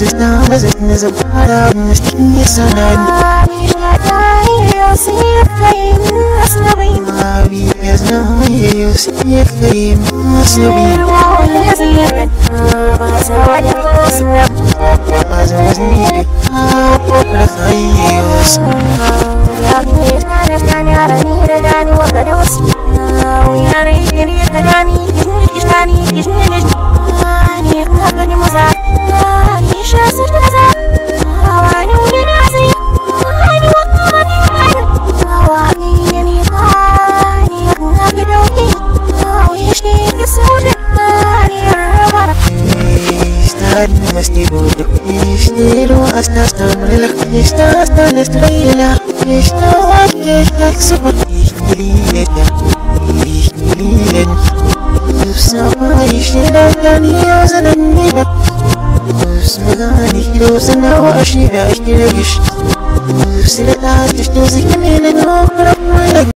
loses now and is a part of this genius and I You'll see a flame, a snowy Mommy has no you'll see a flame, a snowy It won't last forever, but I was never As I was needed, I would have thought you was I'm not a man, I don't need a gun, what could I замес не будет Песни роста, остановленных Нечто остались троиля Нечто есть, как субот Их не лилет, их не лилет Сама ищет, да не за нами Сама не хилоса, но аж не вяжь не лягишь Вслетать, что за камень, но